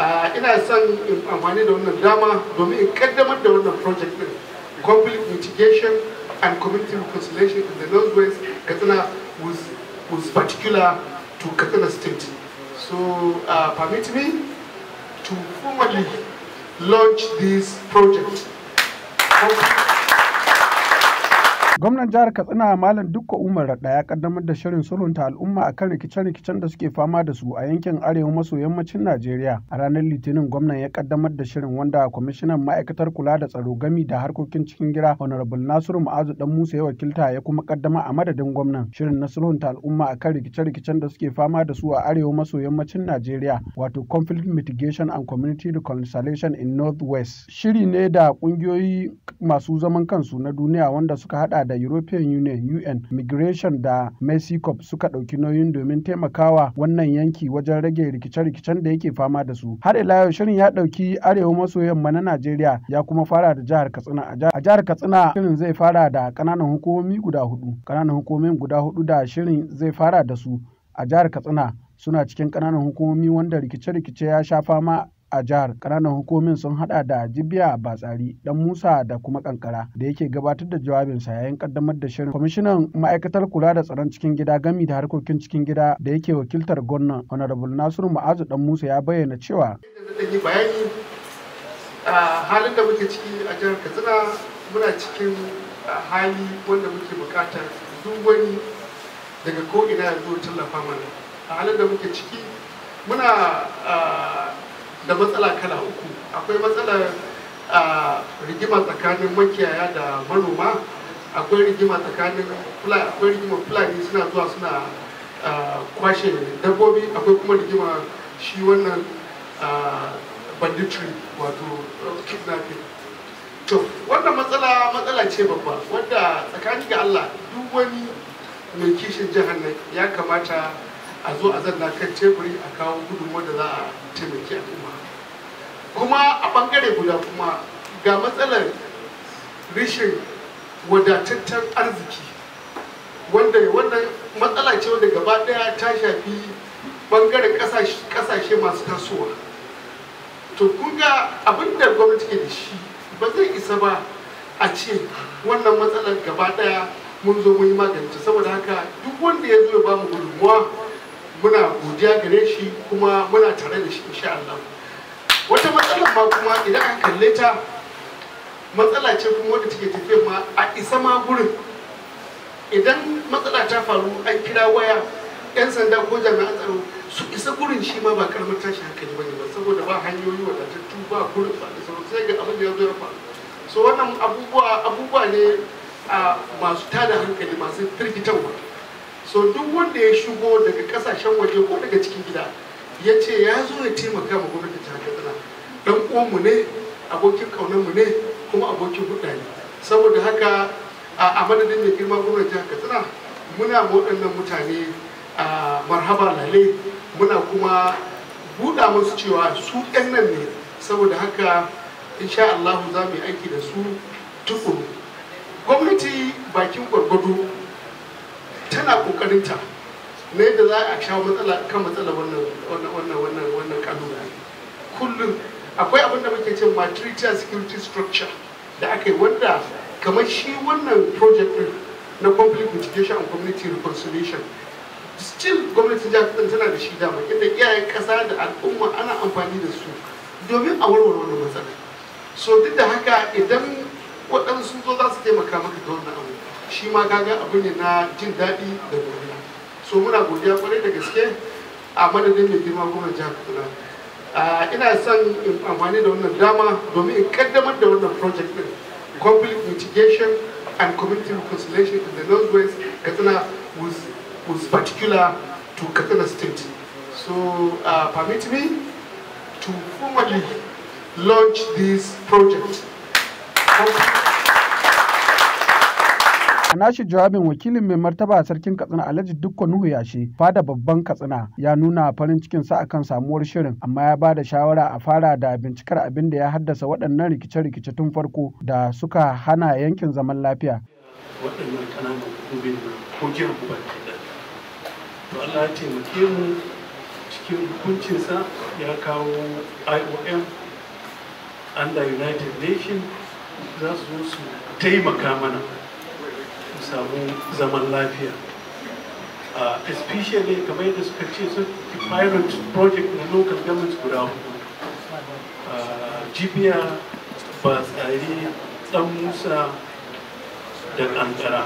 Ah, ina son in amfani da wannan dama domin in kaddamar da wannan project din conflict mitigation and community reconciliation in the northwest katsina was, was particular to katsina state so uh, permit me to formally launch this project. Gwamnan jihar Katsina Malam dukka Umar Raɗa ya kaddamar da shirin sulhunta al'umma a kan rikice-rikicen da suke fama da su a yankin arewa maso yammacin Najeriya. A ranar Litinin gwamnan ya kaddamar da shirin wanda kwamishinan ma'aikatar kula da tsaro gami da harkokin cikin gida Honorable Nasiru Ma'azu Dan Musa ya wakilta ya kuma kaddama a madadin gwamnan. Shirin na sulhunta al'umma a kan rikice-rikicen da suke fama da su a arewa maso yammacin Najeriya wato Conflict Mitigation and Community Reconciliation in Northwest. Shiri ne da kungiyoyi masu zaman kansu na duniya wanda suka hada da European Union UN Migration da Mexico suka ɗauki nauyin domin taimakawa wannan yanki wajen rage rikice-rikicen da yake fama da su. Har ila yau shirin ya ɗauki arewa maso yamma na Najeriya ya kuma fara da jihar Katsina. A jihar Katsina shirin zai fara da kananan hukumomi guda hudu. Ƙananan hukumomin guda hudu da shirin zai fara da su a jihar Katsina suna cikin kananan hukumomi wanda rikice-rikice ya sha fama a jihar ƙananan hukumin sun hada da jibiya batsari dan musa da kuma kankara da yake gabatar da jawabinsa yayin kaddamar da shirin kwamishinan ma'aikatar kula da tsaron cikin gida gami da harkokin cikin gida da yake wakiltar gwamnan honorable nasiru ma'azu dan musa ya bayyana cewa bayani a halin da muke ciki a jihar katsina muna cikin hali wanda muke bukatar duk wani daga ko'ina ya zo tallafa mana a halin da muke ciki muna da matsala kala uku akwai matsalar rigima tsakanin makiyaya da manoma akwai rigima tsakanin akwai rigima fulani suna zuwa suna kwashe dabbobi akwai kuma rigima shi wannan banditry wato kidnapping to wannan matsala matsala ce babba wanda tsakanin ga allah duk wani mai kishin jahannan ya kamata a zo a zanna kan teburi a kawo gudunmu da za a taimaki al'umma kuma a bangare guda kuma ga matsalar rishin wadataccen arziki wanda wannan matsala ce wanda gaba daya ta shafi bangaren kasashe masu tasowa to kun ga gwamnati ke da shi ba zai isa ba a ce wannan matsalar gaba daya mun zo mun yi magance saboda haka duk wanda ya zo ya ba mu gudunmuwa muna godiya gare shi kuma muna tare da shi insha Allah wata matsala ma kuma idan aka kalle ta matsala ce kuma wanda take tafiya ma a isa ma gurin idan matsala ta faru an kira waya yan sanda ko jami'an tsaro su isa gurin shi ma ba karamar tashi hankali bane ba saboda ba hanyoyi wadatattu ba gurin ba da sauran sai ga abin da ya zo ya faru so wannan abubuwa abubuwa ne a ah, masu tada hankali masu firgitarwa so duk wanda ya shigo daga kasashen waje ko daga cikin gida ya ce ya zo ya taimaka ma gwamnati jihar katsina dan uwanmu ne abokin mu ne kuma abokin hudda ne saboda haka a madadin da girma gwamnati jihar katsina muna waɗannan mutane a marhaba lale muna kuma buɗa musu cewa su ɗan nan ne saboda haka insha Allah za mu yi aiki da su tukuru gwamnati bakin gwargwado ana kokarin ta na yadda za a shawo matsala kan matsala wannan wannan wannan wannan kullum akwai abin da muke cewa matricial security structure da aka yi wanda kamar shi wannan project din na public education and community reconciliation still gwamnatin jihar tana da shi dama inda iyayen kasa da al'umma ana amfani da su domin a warware wannan matsala so duk da haka idan waɗansu zo za su taimaka maka da wannan abu shi ma gaga abu ne na jin daɗi da godiya so muna godiya kwarai da gaske a madadin mai girma gwamnan jihar kaduna ina son in amfani da wannan dama domin in kaddamar da wannan project din conflict mitigation and community reconciliation in the northwest katsina was, was particular to katsina state so uh, permit me to formally launch this project nashi jawabin wakilin mai martaba a sarkin katsina alhaji dukko nuhu yashe fada babban katsina ya nuna farin cikin sa akan samuwar shirin amma ya bada shawara a fara da bincikar abin da ya haddasa waɗannan rikice-rikice tun farko da suka hana yankin zaman lafiya. waɗannan ƙananan ko to Allah ya mu cikin hukuncinsa ya kawo IOM under United Nations za su zo su taimaka mana samu zaman lafiya especially kamar yadda suka ce su pilot project na local government guda hudu jibiya ba tsari dan musa da kankara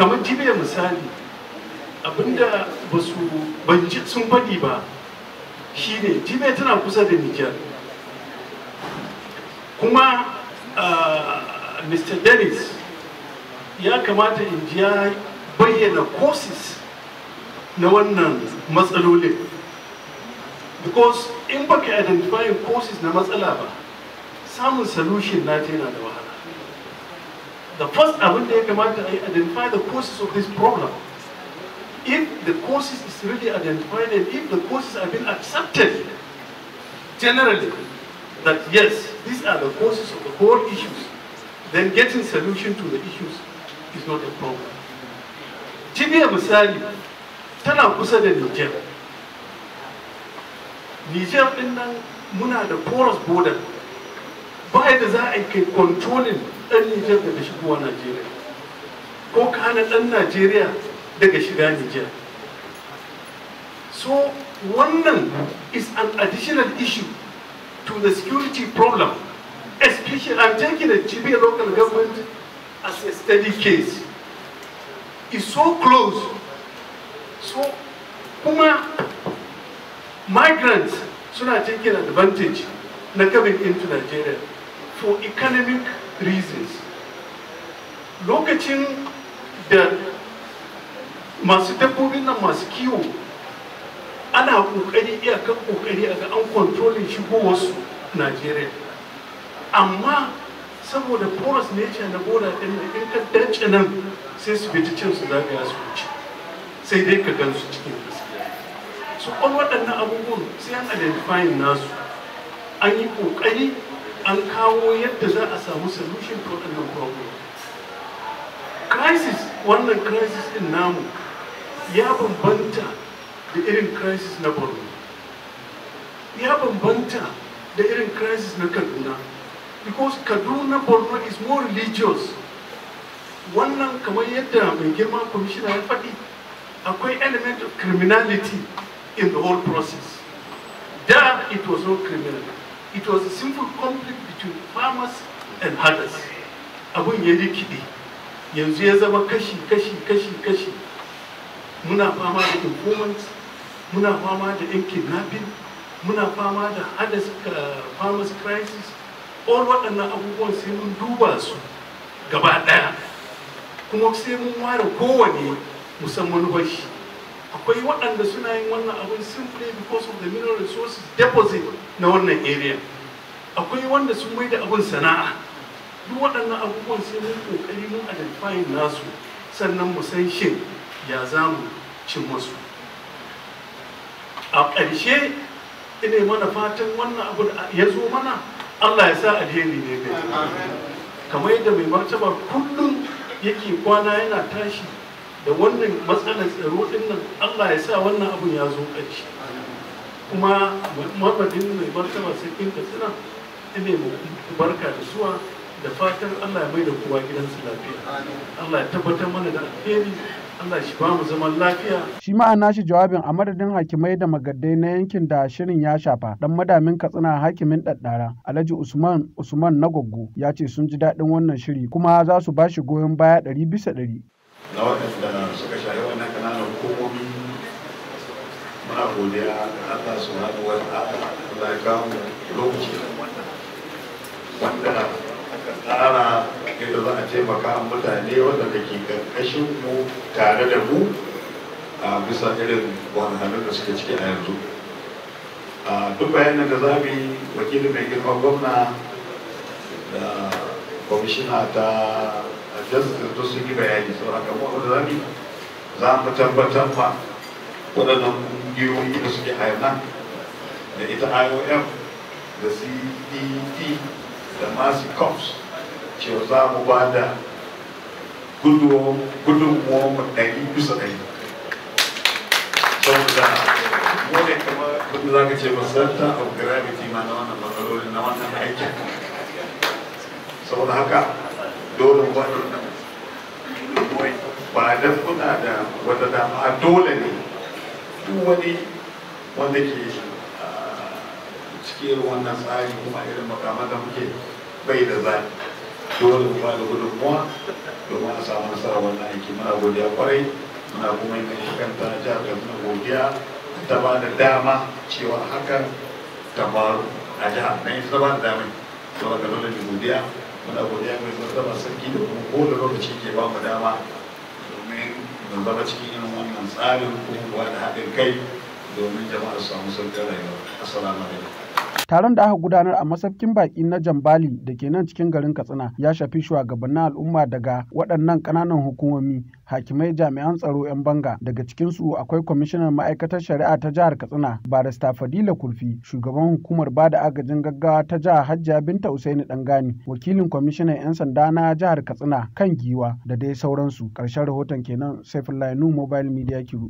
kamar jibiya misali abinda ba su banji sun faɗi ba shine jibiya tana kusa da nijar kuma mr dennis ya kamata in ji ya bayyana causes na wannan matsalolin because in baka identifying causes na matsala ba samun solution na ta yana da wahala the first abin da ya kamata a identify the causes of this problem if the causes is really identified and if the causes have been accepted generally that yes, these are the causes of the whole issues, then getting solution to the issues is not a problem misali tana kusa da niger niger din nan muna da porous border ba yadda za a kai controlling ɗan niger daga shigowa najeriya ko ka ɗan najeriya daga shiga niger so wannan is an additional issue to the security problem especially i'm taking the jibiya local government as a steady case It's so close. So kuma migrants suna taking advantage na coming into Nigeria for economic reasons. Lokacin da masu dabbobin nan masu kiwo ana kokari iya kokari a ga an kontrolin shigowarsu Najeriya. Amma saboda porous nature na bola ɗin da in ka nan sai su bi cikin su zagaya su wuce sai dai ka gan su cikin gaskiya su kwan waɗannan abubuwan sai an identifying nasu an yi ƙoƙari an kawo yadda za a samu solution to waɗannan problem crisis wannan crisis ɗin namu ya bambanta da irin crisis na borno ya bambanta da irin crisis na kaduna because kaduna borno is more religious wannan kamar yadda mai girma kwamishina ya faɗi akwai element of criminality in the whole process da it was not criminal it was a simple conflict between farmers and herders abun ya rikide yanzu ya zama kashi kashi kashi kashi muna fama da informants muna fama da yan kidnapping muna fama da herders uh, farmers crisis all waɗannan abubuwan sai mun duba su gaba ɗaya kuma sai mun ware kowane musamman bashi akwai waɗanda suna yin wannan abin simply because of the mineral resources deposit na wannan area akwai wanda sun mai da abin sana'a duk waɗannan abubuwan sai mun kokari mun identify nasu sannan mu san shin ya za mu cin masu a ƙarshe ina mana fatan wannan abu da ya zo mana Allah ya sa alheri ne gari kamar yadda mai martaba kullum yake kwana yana tashi da wannan matsalar tsaro din nan Allah ya sa wannan abun ya zo ƙarshe kuma mabadin mai martaba sai sarkin katsina ne mu barka da suwa da fatan Allah ya mai da kowa gidansu lafiya Allah ya tabbatar mana da alheri Allah shi ba mu zaman lafiya. Shi ma shi jawabin a madadin hakimai da magaddai na yankin da shirin ya shafa dan madamin Katsina hakimin daddara Alhaji Usman Usman goggo ya ce sun ji daɗin wannan shiri kuma za su ba shi goyon baya ɗari bisa ɗari. Na waɗanda suka shayi wannan kananan hukumomi muna godiya ga Allah su haɗu wata Allah ya kawo lokaci wanda aka tsara yadda za a taimaka mutane wanda da ke karkashin mu tare da mu a bisa irin wahalhalun da suke ciki a yanzu A duk bayan da za mu yi wakili mai girma gwamna da kwamishina ta justice to sun yi bayani haka mu wanda za mu za mu tabbatar ma waɗannan ƙungiyoyi da suke a yanzu da ita iom da C_D_P e da masu cops cewa za mu ba da yi kusa da yi sau da wani kama kudu za ka ce masarta of gravity ma na wannan matsalolin na wannan aikin da haka dole waɗannan ba da kuna da wata dama dole ne duk wani wanda ke ah, cikin wannan tsari kuma irin makamata muke bai da zai dole mu ba da gudunmuwa domin a samu nasara wannan aiki muna godiya kwarai muna kuma yi mai kanta na jihar kaduna godiya ta ba da dama cewa hakan ta faru a jihar na ita ta ba da dama zuwa ga dole mu godiya muna godiya mai zama sarki da kuma kowane lokaci ke ba mu dama domin mu zama cikin irin wannan tsarin kuma da haɗin kai domin jama'a su samu sauƙin rayuwa assalamu alaikum taron da aka gudanar a masafkin baki na jambali da ke nan cikin garin katsina ya shafi shugabannin al'umma daga waɗannan ƙananan hukumomi hakimai jami'an tsaro 'yan banga daga cikinsu akwai kwamishinan ma'aikatar shari'a ta jihar katsina barista fadila kulfi shugaban hukumar bada agajin gaggawa ta jihar Hajjia binta usaini dangani wakilin kwamishinan 'yan sanda na jihar katsina kan giwa da dai sauransu karshen rahoton kenan saifullahi nu mobile media kiru